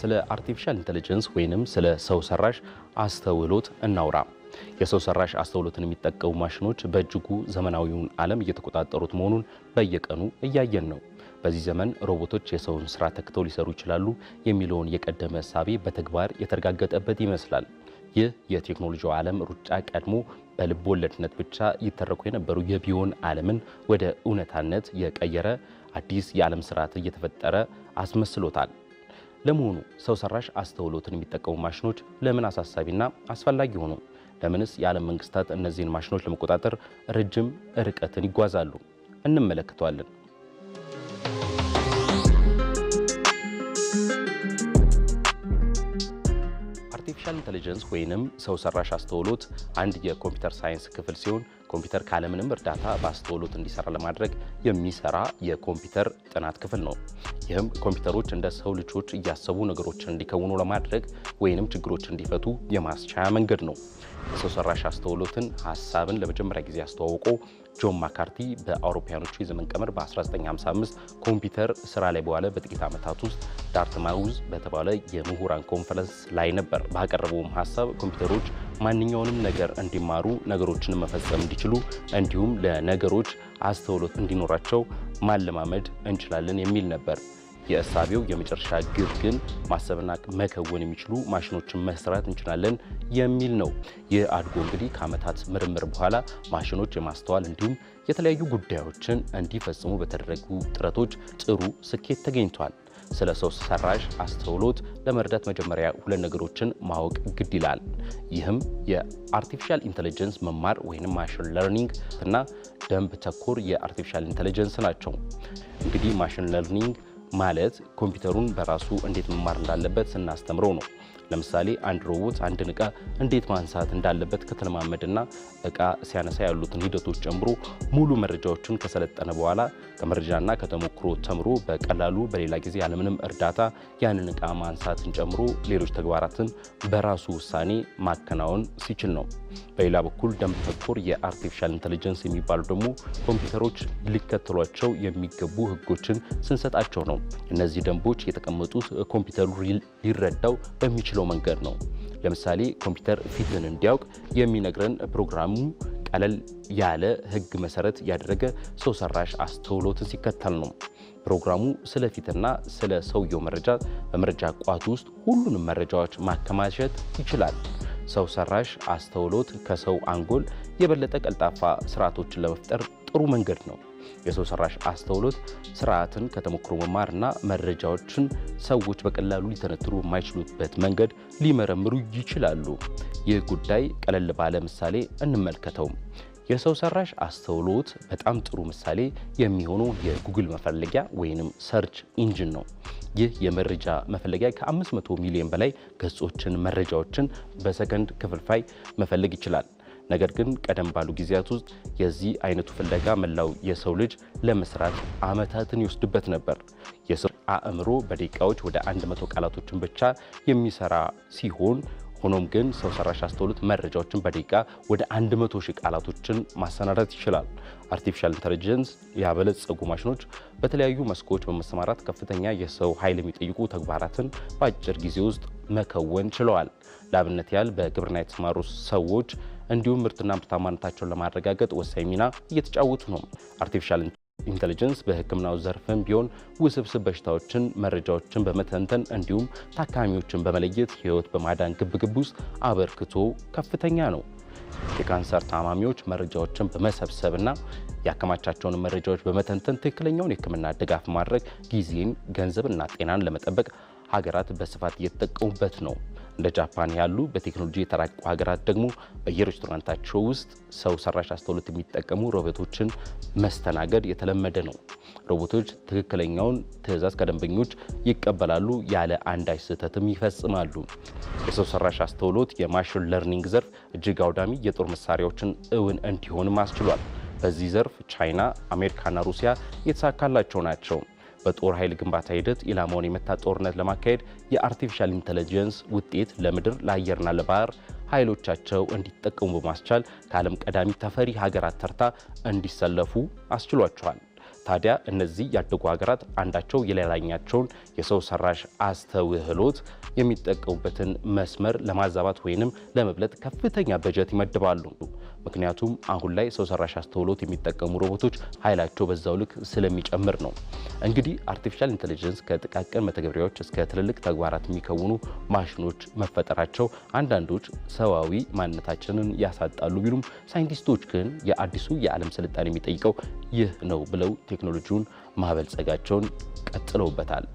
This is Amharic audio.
ስለ አርቲፊሻል ኢንቴሊጀንስ ወይንም ስለ ሰው ሰራሽ አስተውሎት እናውራ። የሰው ሰራሽ አስተውሎትን የሚጠቀሙ ማሽኖች በእጅጉ ዘመናዊውን ዓለም እየተቆጣጠሩት መሆኑን በየቀኑ እያየን ነው። በዚህ ዘመን ሮቦቶች የሰውን ስራ ተክተው ሊሰሩ ይችላሉ የሚለውን የቀደመ እሳቤ በተግባር የተረጋገጠበት ይመስላል። ይህ የቴክኖሎጂው ዓለም ሩጫ ቀድሞ በልብ ወለድነት ብቻ ይተረኩ የነበሩ የቢዮን ዓለምን ወደ እውነታነት የቀየረ አዲስ የዓለም ስርዓት እየተፈጠረ አስመስሎታል። ለመሆኑ ሰው ሰራሽ አስተውሎትን የሚጠቀሙ ማሽኖች ለምን አሳሳቢና አስፈላጊ ሆኑ? ለምንስ የዓለም መንግስታት እነዚህን ማሽኖች ለመቆጣጠር ረጅም ርቀትን ይጓዛሉ? እንመለከተዋለን። አርቲፊሻል ኢንተለጀንስ ወይንም ሰው ሰራሽ አስተውሎት አንድ የኮምፒውተር ሳይንስ ክፍል ሲሆን ኮምፒውተር ካለምንም እርዳታ በአስተውሎት እንዲሰራ ለማድረግ የሚሰራ የኮምፒውተር ጥናት ክፍል ነው። ይህም ኮምፒውተሮች እንደ ሰው ልጆች እያሰቡ ነገሮችን እንዲከውኑ ለማድረግ ወይንም ችግሮች እንዲፈቱ የማስቻያ መንገድ ነው። የሰው ሰራሽ አስተውሎትን ሀሳብን ለመጀመሪያ ጊዜ አስተዋውቆ ጆን ማካርቲ በአውሮፓያኖቹ የዘመን ቀመር በ1955 ኮምፒውተር ስራ ላይ በዋለ በጥቂት ዓመታት ውስጥ ዳርትማውዝ በተባለ የምሁራን ኮንፈረንስ ላይ ነበር። ባቀረበውም ሀሳብ ኮምፒውተሮች ማንኛውንም ነገር እንዲማሩ፣ ነገሮችን መፈጸም እንዲችሉ እንዲሁም ለነገሮች አስተውሎት እንዲኖራቸው ማለማመድ እንችላለን የሚል ነበር። የእሳቤው የመጨረሻ ግብ ግን ማሰብና መከወን የሚችሉ ማሽኖችን መስራት እንችላለን የሚል ነው። ይህ አድጎ እንግዲህ ከዓመታት ምርምር በኋላ ማሽኖች የማስተዋል እንዲሁም የተለያዩ ጉዳዮችን እንዲፈጽሙ በተደረጉ ጥረቶች ጥሩ ስኬት ተገኝቷል። ስለ ሰው ሰራሽ አስተውሎት ለመረዳት መጀመሪያ ሁለት ነገሮችን ማወቅ ግድ ይላል። ይህም የአርቲፊሻል ኢንተለጀንስ መማር ወይም ማሽን ለርኒንግ እና ደንብ ተኮር የአርቲፊሻል ኢንቴሊጀንስ ናቸው። እንግዲህ ማሽን ለርኒንግ ማለት ኮምፒውተሩን በራሱ እንዴት መማር እንዳለበት ስናስተምረው ነው። ለምሳሌ አንድ ሮቦት አንድን እቃ እንዴት ማንሳት እንዳለበት ከተለማመደና እቃ ሲያነሳ ያሉትን ሂደቶች ጨምሮ ሙሉ መረጃዎችን ከሰለጠነ በኋላ ከመረጃና ከተሞክሮ ተምሮ በቀላሉ በሌላ ጊዜ ያለምንም እርዳታ ያንን እቃ ማንሳትን ጨምሮ ሌሎች ተግባራትን በራሱ ውሳኔ ማከናወን ሲችል ነው። በሌላ በኩል ደንብ ተኮር የአርቲፊሻል ኢንተለጀንስ የሚባሉ ደግሞ ኮምፒውተሮች ሊከተሏቸው የሚገቡ ህጎችን ስንሰጣቸው ነው ነው። እነዚህ ደንቦች የተቀመጡት ኮምፒውተሩ ሊረዳው በሚችለው መንገድ ነው። ለምሳሌ ኮምፒውተር ፊትን እንዲያውቅ የሚነግረን ፕሮግራሙ ቀለል ያለ ህግ መሰረት ያደረገ ሰው ሰራሽ አስተውሎትን ሲከተል ነው። ፕሮግራሙ ስለ ፊትና ስለ ሰውየው መረጃ በመረጃ ቋቱ ውስጥ ሁሉንም መረጃዎች ማከማቸት ይችላል። ሰው ሰራሽ አስተውሎት ከሰው አንጎል የበለጠ ቀልጣፋ ስርዓቶችን ለመፍጠር ጥሩ መንገድ ነው። የሰው ሰራሽ አስተውሎት ስርዓትን ከተሞክሮ መማርና መረጃዎችን ሰዎች በቀላሉ ሊተነትሩ የማይችሉበት መንገድ ሊመረምሩ ይችላሉ። ይህ ጉዳይ ቀለል ባለ ምሳሌ እንመልከተው። የሰው ሰራሽ አስተውሎት በጣም ጥሩ ምሳሌ የሚሆነው የጉግል መፈለጊያ ወይንም ሰርች ኢንጂን ነው። ይህ የመረጃ መፈለጊያ ከ500 ሚሊዮን በላይ ገጾችን መረጃዎችን በሰከንድ ክፍልፋይ መፈለግ ይችላል። ነገር ግን ቀደም ባሉ ጊዜያት ውስጥ የዚህ አይነቱ ፍለጋ መላው የሰው ልጅ ለመስራት አመታትን ይወስድበት ነበር። የሰው አእምሮ በደቂቃዎች ወደ 100 ቃላቶችን ብቻ የሚሰራ ሲሆን ሆኖም ግን ሰው ሰራሽ አስተውሎት መረጃዎችን በደቂቃ ወደ 100 ሺህ ቃላቶችን ማሰናዳት ይችላል። አርቲፊሻል ኢንተለጀንስ ያበለጸጉ ማሽኖች በተለያዩ መስኮች በመሰማራት ከፍተኛ የሰው ኃይል የሚጠይቁ ተግባራትን በአጭር ጊዜ ውስጥ መከወን ችለዋል። ለአብነት ያህል በግብርና የተሰማሩ ሰዎች እንዲሁም ምርትና ምርታማነታቸውን ለማረጋገጥ ወሳኝ ሚና እየተጫወቱ ነው። አርቲፊሻል ኢንቴሊጀንስ በሕክምናው ዘርፍም ቢሆን ውስብስብ በሽታዎችን መረጃዎችን በመተንተን እንዲሁም ታካሚዎችን በመለየት ሕይወት በማዳን ግብግብ ውስጥ አበርክቶ ከፍተኛ ነው። የካንሰር ታማሚዎች መረጃዎችን በመሰብሰብና ያከማቻቸውን መረጃዎች በመተንተን ትክክለኛውን የሕክምና ድጋፍ ማድረግ ጊዜን፣ ገንዘብና ጤናን ለመጠበቅ ሀገራት በስፋት እየተጠቀሙበት ነው። እንደ ጃፓን ያሉ በቴክኖሎጂ የተራቀቁ ሀገራት ደግሞ በየሬስቶራንታቸው ውስጥ ሰው ሰራሽ አስተውሎት የሚጠቀሙ ሮቦቶችን መስተናገድ የተለመደ ነው። ሮቦቶች ትክክለኛውን ትዕዛዝ ከደንበኞች ይቀበላሉ፣ ያለ አንዳች ስህተትም ይፈጽማሉ። የሰው ሰራሽ አስተውሎት የማሽን ለርኒንግ ዘርፍ እጅግ አውዳሚ የጦር መሳሪያዎችን እውን እንዲሆንም አስችሏል። በዚህ ዘርፍ ቻይና፣ አሜሪካና ሩሲያ የተሳካላቸው ናቸው። በጦር ኃይል ግንባታ ሂደት ኢላማውን የመታ ጦርነት ለማካሄድ የአርቲፊሻል ኢንተለጀንስ ውጤት ለምድር ለአየርና ለባህር ኃይሎቻቸው እንዲጠቀሙ በማስቻል ከዓለም ቀዳሚ ተፈሪ ሀገራት ተርታ እንዲሰለፉ አስችሏቸዋል። ታዲያ እነዚህ ያደጉ ሀገራት አንዳቸው የሌላኛቸውን የሰው ሰራሽ አስተውህሎት የሚጠቀሙበትን መስመር ለማዛባት ወይንም ለመብለጥ ከፍተኛ በጀት ይመድባሉ። ምክንያቱም አሁን ላይ ሰው ሰራሽ አስተውሎት የሚጠቀሙ ሮቦቶች ኃይላቸው በዛው ልክ ስለሚጨምር ነው። እንግዲህ አርቲፊሻል ኢንቴሊጀንስ ከጥቃቅን መተግበሪያዎች እስከ ትልልቅ ተግባራት የሚከውኑ ማሽኖች መፈጠራቸው አንዳንዶች ሰዋዊ ማንነታችንን ያሳጣሉ ቢሉም ሳይንቲስቶች ግን የአዲሱ የዓለም ስልጣን የሚጠይቀው ይህ ነው ብለው ቴክኖሎጂውን ማበልጸጋቸውን ቀጥለውበታል።